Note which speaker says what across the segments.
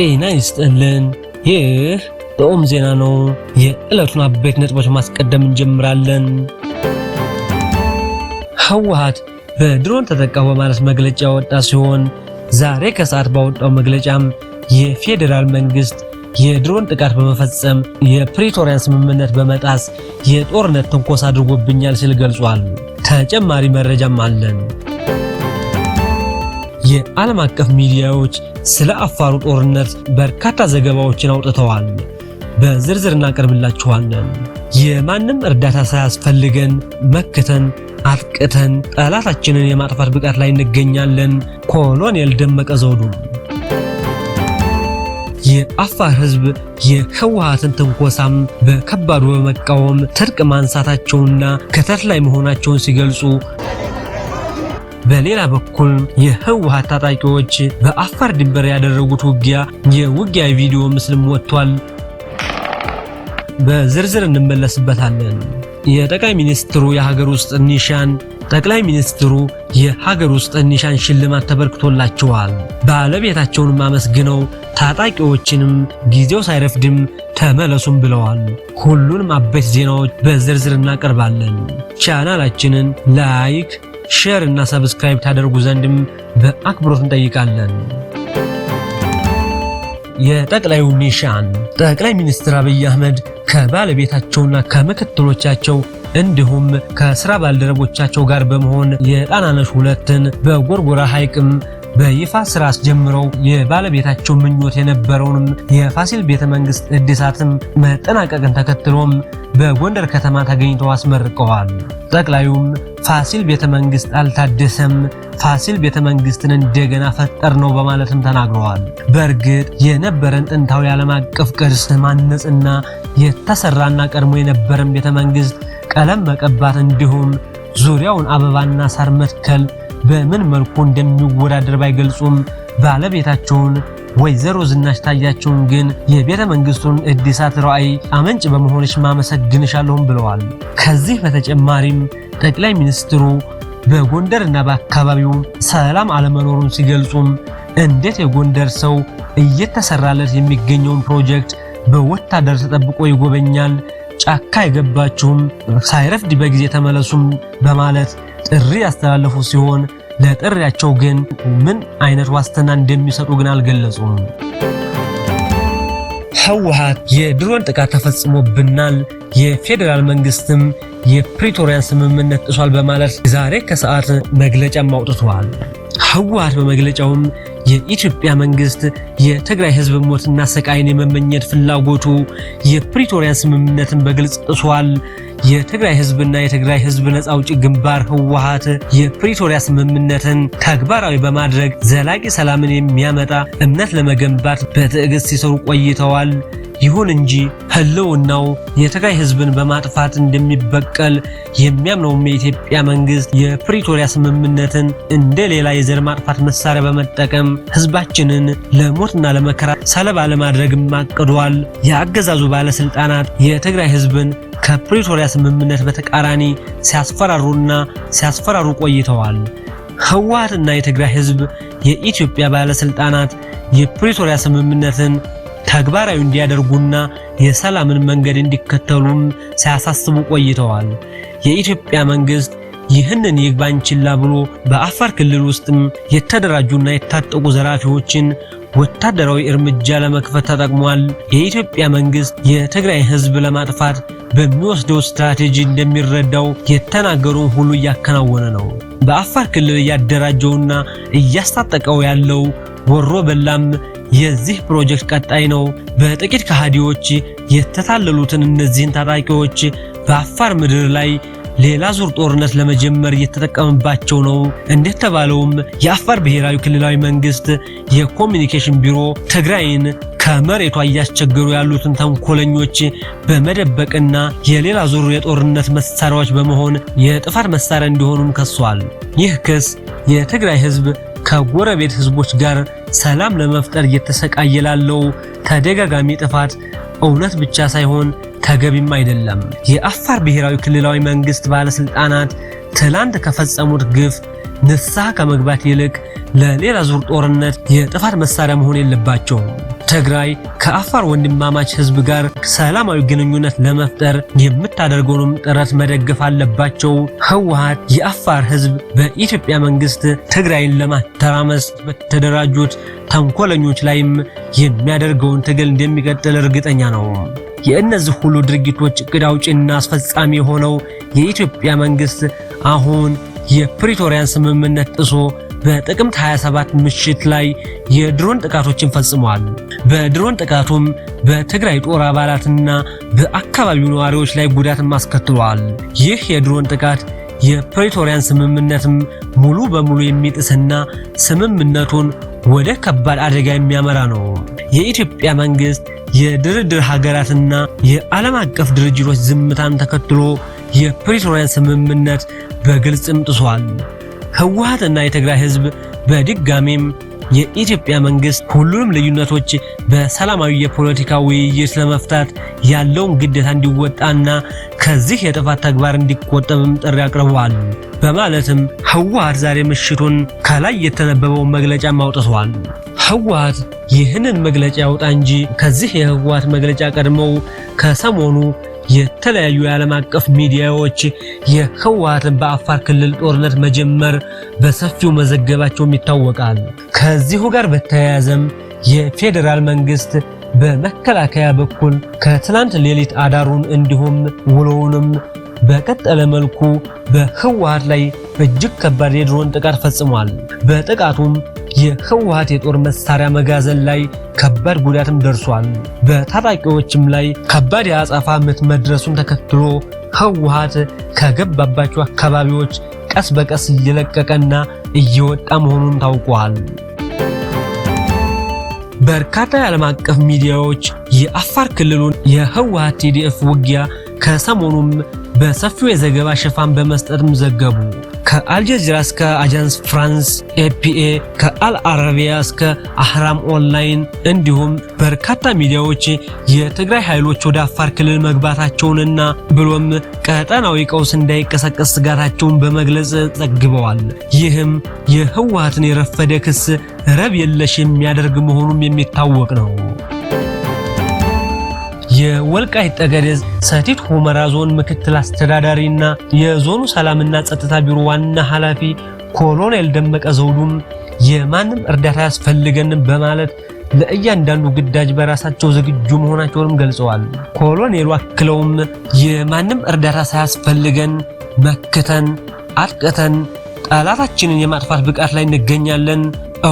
Speaker 1: ጤና ይስጥልን። ይህ ጣዕመ ዜና ነው። የዕለቱን አበይት ነጥቦች ማስቀደም እንጀምራለን። ህወሓት በድሮን ተጠቃው በማለት መግለጫ ያወጣ ሲሆን ዛሬ ከሰዓት ባወጣው መግለጫም የፌዴራል መንግስት የድሮን ጥቃት በመፈጸም የፕሪቶሪያን ስምምነት በመጣስ የጦርነት ትንኮሳ አድርጎብኛል ሲል ገልጿል። ተጨማሪ መረጃም አለን። የዓለም አቀፍ ሚዲያዎች ስለ አፋሩ ጦርነት በርካታ ዘገባዎችን አውጥተዋል። በዝርዝር እናቀርብላችኋለን። የማንም እርዳታ ሳያስፈልገን መክተን አጥቅተን ጠላታችንን የማጥፋት ብቃት ላይ እንገኛለን። ኮሎኔል ደመቀ ዘውዱ የአፋር ሕዝብ የህወሓትን ትንኮሳም በከባዱ በመቃወም ትጥቅ ማንሳታቸውና ከተት ላይ መሆናቸውን ሲገልጹ በሌላ በኩል የህወሓት ታጣቂዎች በአፋር ድንበር ያደረጉት ውጊያ የውጊያ ቪዲዮ ምስልም ወጥቷል። በዝርዝር እንመለስበታለን። የጠቅላይ ሚኒስትሩ የሀገር ውስጥ ኒሻን ጠቅላይ ሚኒስትሩ የሀገር ውስጥ ኒሻን ሽልማት ተበርክቶላቸዋል። ባለቤታቸውንም አመስግነው ታጣቂዎችንም ጊዜው ሳይረፍድም ተመለሱም ብለዋል። ሁሉንም አበይት ዜናዎች በዝርዝር እናቀርባለን። ቻናላችንን ላይክ ሼር እና ሰብስክራይብ ታደርጉ ዘንድም በአክብሮት እንጠይቃለን። የጠቅላዩ ኒሻን ጠቅላይ ሚኒስትር አብይ አህመድ ከባለቤታቸውና ከምክትሎቻቸው እንዲሁም ከስራ ባልደረቦቻቸው ጋር በመሆን የጣናነሽ ሁለትን በጎርጎራ ሐይቅም በይፋ ስራ አስጀምረው የባለቤታቸው ምኞት የነበረውንም የፋሲል ቤተ መንግስት እድሳትም መጠናቀቅን ተከትሎም በጎንደር ከተማ ተገኝተው አስመርቀዋል። ጠቅላዩም ፋሲል ቤተ መንግስት አልታደሰም፣ ፋሲል ቤተ መንግስትን እንደገና ፈጠር ነው በማለትም ተናግረዋል። በእርግጥ የነበረን ጥንታዊ ዓለም አቀፍ ቅርስ ማነጽና የተሰራና ቀድሞ የነበረን ቤተ መንግስት ቀለም መቀባት እንዲሁም ዙሪያውን አበባና ሳር መትከል በምን መልኩ እንደሚወዳደር ባይገልጹም ባለቤታቸውን ወይዘሮ ዝናሽ ታያቸውን ግን የቤተ መንግስቱን እድሳት ራዕይ አመንጭ በመሆንሽ ማመሰግንሻለሁም ብለዋል። ከዚህ በተጨማሪም ጠቅላይ ሚኒስትሩ በጎንደርና በአካባቢው ሰላም አለመኖሩን ሲገልጹም እንዴት የጎንደር ሰው እየተሰራለት የሚገኘውን ፕሮጀክት በወታደር ተጠብቆ ይጎበኛል? ጫካ የገባችሁም ሳይረፍድ በጊዜ ተመለሱም በማለት ጥሪ ያስተላለፉ ሲሆን ለጥሪያቸው ግን ምን አይነት ዋስትና እንደሚሰጡ ግን አልገለጹም። ህወሓት የድሮን ጥቃት ተፈጽሞብናል፣ የፌዴራል መንግስትም የፕሪቶሪያን ስምምነት ጥሷል በማለት ዛሬ ከሰዓት መግለጫም አውጥተዋል። ህወሓት በመግለጫውም የኢትዮጵያ መንግስት የትግራይ ህዝብ ሞትና ሰቃይን የመመኘት ፍላጎቱ የፕሪቶሪያን ስምምነትን በግልጽ ጥሷል። የትግራይ ህዝብና የትግራይ ህዝብ ነጻ አውጪ ግንባር ህወሓት የፕሪቶሪያ ስምምነትን ተግባራዊ በማድረግ ዘላቂ ሰላምን የሚያመጣ እምነት ለመገንባት በትዕግስት ሲሰሩ ቆይተዋል። ይሁን እንጂ ህልውናው የትግራይ ህዝብን በማጥፋት እንደሚበቀል የሚያምነውም የኢትዮጵያ መንግስት የፕሪቶሪያ ስምምነትን እንደ ሌላ የዘር ማጥፋት መሳሪያ በመጠቀም ህዝባችንን ለሞትና ለመከራ ሰለባ ለማድረግም አቅዷል። የአገዛዙ ባለስልጣናት የትግራይ ህዝብን ከፕሪቶሪያ ስምምነት በተቃራኒ ሲያስፈራሩና ሲያስፈራሩ ቆይተዋል። ህወሓትና የትግራይ ህዝብ የኢትዮጵያ ባለስልጣናት የፕሪቶሪያ ስምምነትን ተግባራዊ እንዲያደርጉና የሰላምን መንገድ እንዲከተሉም ሲያሳስቡ ቆይተዋል። የኢትዮጵያ መንግስት ይህንን ይግባኝ ችላ ብሎ በአፋር ክልል ውስጥም የተደራጁና የታጠቁ ዘራፊዎችን ወታደራዊ እርምጃ ለመክፈት ተጠቅሟል። የኢትዮጵያ መንግስት የትግራይ ህዝብ ለማጥፋት በሚወስደው ስትራቴጂ እንደሚረዳው የተናገሩን ሁሉ እያከናወነ ነው። በአፋር ክልል እያደራጀውና እያስታጠቀው ያለው ወሮ በላም የዚህ ፕሮጀክት ቀጣይ ነው። በጥቂት ከሃዲዎች የተታለሉትን እነዚህን ታጣቂዎች በአፋር ምድር ላይ ሌላ ዙር ጦርነት ለመጀመር እየተጠቀመባቸው ነው። እንደተባለውም የአፋር ብሔራዊ ክልላዊ መንግስት የኮሚኒኬሽን ቢሮ ትግራይን ከመሬቷ እያስቸገሩ ያሉትን ተንኮለኞች በመደበቅና የሌላ ዙር የጦርነት መሳሪያዎች በመሆን የጥፋት መሳሪያ እንዲሆኑም ከሷል። ይህ ክስ የትግራይ ህዝብ ከጎረቤት ህዝቦች ጋር ሰላም ለመፍጠር እየተሰቃየ ላለው ተደጋጋሚ ጥፋት እውነት ብቻ ሳይሆን ተገቢም አይደለም። የአፋር ብሔራዊ ክልላዊ መንግስት ባለስልጣናት ትላንት ከፈጸሙት ግፍ ንስሐ ከመግባት ይልቅ ለሌላ ዙር ጦርነት የጥፋት መሳሪያ መሆን የለባቸውም። ትግራይ ከአፋር ወንድማማች ህዝብ ጋር ሰላማዊ ግንኙነት ለመፍጠር የምታደርገውንም ጥረት መደገፍ አለባቸው። ህወሓት የአፋር ህዝብ በኢትዮጵያ መንግስት ትግራይን ለማተራመስ በተደራጁት ተንኮለኞች ላይም የሚያደርገውን ትግል እንደሚቀጥል እርግጠኛ ነው። የእነዚህ ሁሉ ድርጊቶች እቅድ አውጪና አስፈጻሚ የሆነው የኢትዮጵያ መንግስት አሁን የፕሪቶሪያን ስምምነት ጥሶ በጥቅምት 27 ምሽት ላይ የድሮን ጥቃቶችን ፈጽመዋል። በድሮን ጥቃቱም በትግራይ ጦር አባላትና በአካባቢው ነዋሪዎች ላይ ጉዳትም አስከትሏል። ይህ የድሮን ጥቃት የፕሪቶሪያን ስምምነትም ሙሉ በሙሉ የሚጥስና ስምምነቱን ወደ ከባድ አደጋ የሚያመራ ነው። የኢትዮጵያ መንግስት የድርድር ሀገራትና የዓለም አቀፍ ድርጅቶች ዝምታን ተከትሎ የፕሪቶሪያን ስምምነት በግልጽም ጥሷል። ህወሓትና የትግራይ ህዝብ በድጋሜም የኢትዮጵያ መንግስት ሁሉንም ልዩነቶች በሰላማዊ የፖለቲካ ውይይት ለመፍታት ያለውን ግዴታ እንዲወጣና ከዚህ የጥፋት ተግባር እንዲቆጠብም ጥሪ አቅርበዋል። በማለትም ህወሓት ዛሬ ምሽቱን ከላይ የተነበበውን መግለጫ አውጥቷል። ህወሓት ይህንን መግለጫ ያውጣ እንጂ ከዚህ የህወሓት መግለጫ ቀድመው ከሰሞኑ የተለያዩ የዓለም አቀፍ ሚዲያዎች የህወሓትን በአፋር ክልል ጦርነት መጀመር በሰፊው መዘገባቸውም ይታወቃል። ከዚሁ ጋር በተያያዘም የፌዴራል መንግስት በመከላከያ በኩል ከትላንት ሌሊት አዳሩን እንዲሁም ውሎውንም በቀጠለ መልኩ በህወሓት ላይ እጅግ ከባድ የድሮን ጥቃት ፈጽሟል። በጥቃቱም የህወሓት የጦር መሳሪያ መጋዘን ላይ ከባድ ጉዳትም ደርሷል። በታጣቂዎችም ላይ ከባድ የአጸፋ ምት መድረሱን ተከትሎ ህወሓት ከገባባቸው አካባቢዎች ቀስ በቀስ እየለቀቀና እየወጣ መሆኑን ታውቋል። በርካታ የዓለም አቀፍ ሚዲያዎች የአፋር ክልሉን የህወሓት ቲዲኤፍ ውጊያ ከሰሞኑም በሰፊው የዘገባ ሽፋን በመስጠትም ዘገቡ። ከአልጀዚራ እስከ አጃንስ ፍራንስ ኤፒኤ፣ ከአልአረቢያ እስከ አህራም ኦንላይን እንዲሁም በርካታ ሚዲያዎች የትግራይ ኃይሎች ወደ አፋር ክልል መግባታቸውንና ብሎም ቀጠናዊ ቀውስ እንዳይቀሰቀስ ስጋታቸውን በመግለጽ ዘግበዋል። ይህም የህወሓትን የረፈደ ክስ ረብ የለሽ የሚያደርግ መሆኑም የሚታወቅ ነው። የወልቃይት ጠገዴ ሰቲት ሁመራ ዞን ምክትል አስተዳዳሪና የዞኑ ሰላምና ጸጥታ ቢሮ ዋና ኃላፊ ኮሎኔል ደመቀ ዘውዱም የማንም እርዳታ ያስፈልገንም በማለት ለእያንዳንዱ ግዳጅ በራሳቸው ዝግጁ መሆናቸውንም ገልጸዋል። ኮሎኔሉ አክለውም የማንም እርዳታ ሳያስፈልገን መክተን አጥቅተን ጠላታችንን የማጥፋት ብቃት ላይ እንገኛለን።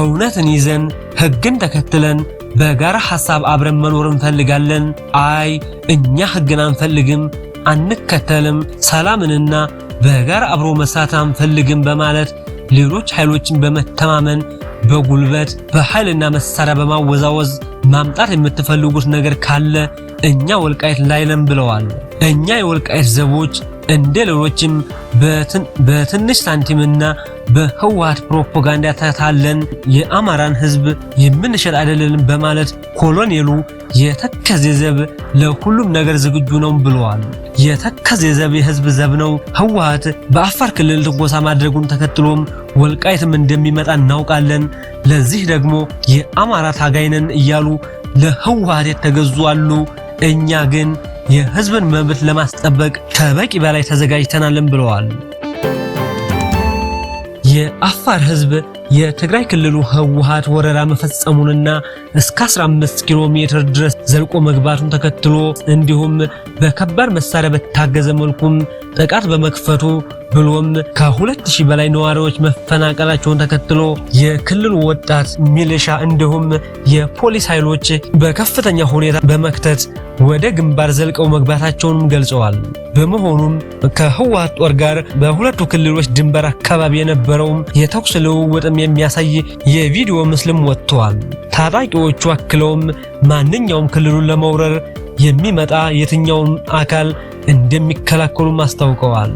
Speaker 1: እውነትን ይዘን ሕግን ተከትለን በጋራ ሐሳብ አብረን መኖር እንፈልጋለን። አይ እኛ ህግን አንፈልግም፣ አንከተልም፣ ሰላምንና በጋራ አብሮ መስራት አንፈልግም በማለት ሌሎች ኃይሎችን በመተማመን በጉልበት በኃይልና መሳሪያ በማወዛወዝ ማምጣት የምትፈልጉት ነገር ካለ እኛ ወልቃይት ላይ ነን ብለዋል። እኛ የወልቃይት ዘቦች እንደ ሌሎችም በትንሽ ሳንቲምና በህወሀት ፕሮፓጋንዳ ተታለን የአማራን ህዝብ የምንሸጥ አይደለንም በማለት ኮሎኔሉ የተከዜ ዘብ ለሁሉም ነገር ዝግጁ ነው ብለዋል። የተከዜ ዘብ የህዝብ ዘብ ነው። ህወሀት በአፋር ክልል ትንኮሳ ማድረጉን ተከትሎም ወልቃይትም እንደሚመጣ እናውቃለን። ለዚህ ደግሞ የአማራ ታጋይነን እያሉ ለህወሀት የተገዙ አሉ። እኛ ግን የህዝብን መብት ለማስጠበቅ ከበቂ በላይ ተዘጋጅተናልን ብለዋል። የአፋር ህዝብ የትግራይ ክልሉ ህወሓት ወረራ መፈጸሙንና እስከ 15 ኪሎ ሜትር ድረስ ዘልቆ መግባቱን ተከትሎ እንዲሁም በከባድ መሳሪያ በታገዘ መልኩም ጥቃት በመክፈቱ ብሎም ከ2000 በላይ ነዋሪዎች መፈናቀላቸውን ተከትሎ የክልሉ ወጣት ሚሊሻ እንዲሁም የፖሊስ ኃይሎች በከፍተኛ ሁኔታ በመክተት ወደ ግንባር ዘልቀው መግባታቸውንም ገልጸዋል። በመሆኑም ከህወሓት ጦር ጋር በሁለቱ ክልሎች ድንበር አካባቢ የነበረውም የተኩስ ልውውጥም የሚያሳይ የቪዲዮ ምስልም ወጥተዋል። ታጣቂዎቹ አክለውም ማንኛውም ክልሉን ለመውረር የሚመጣ የትኛውን አካል እንደሚከላከሉም አስታውቀዋል።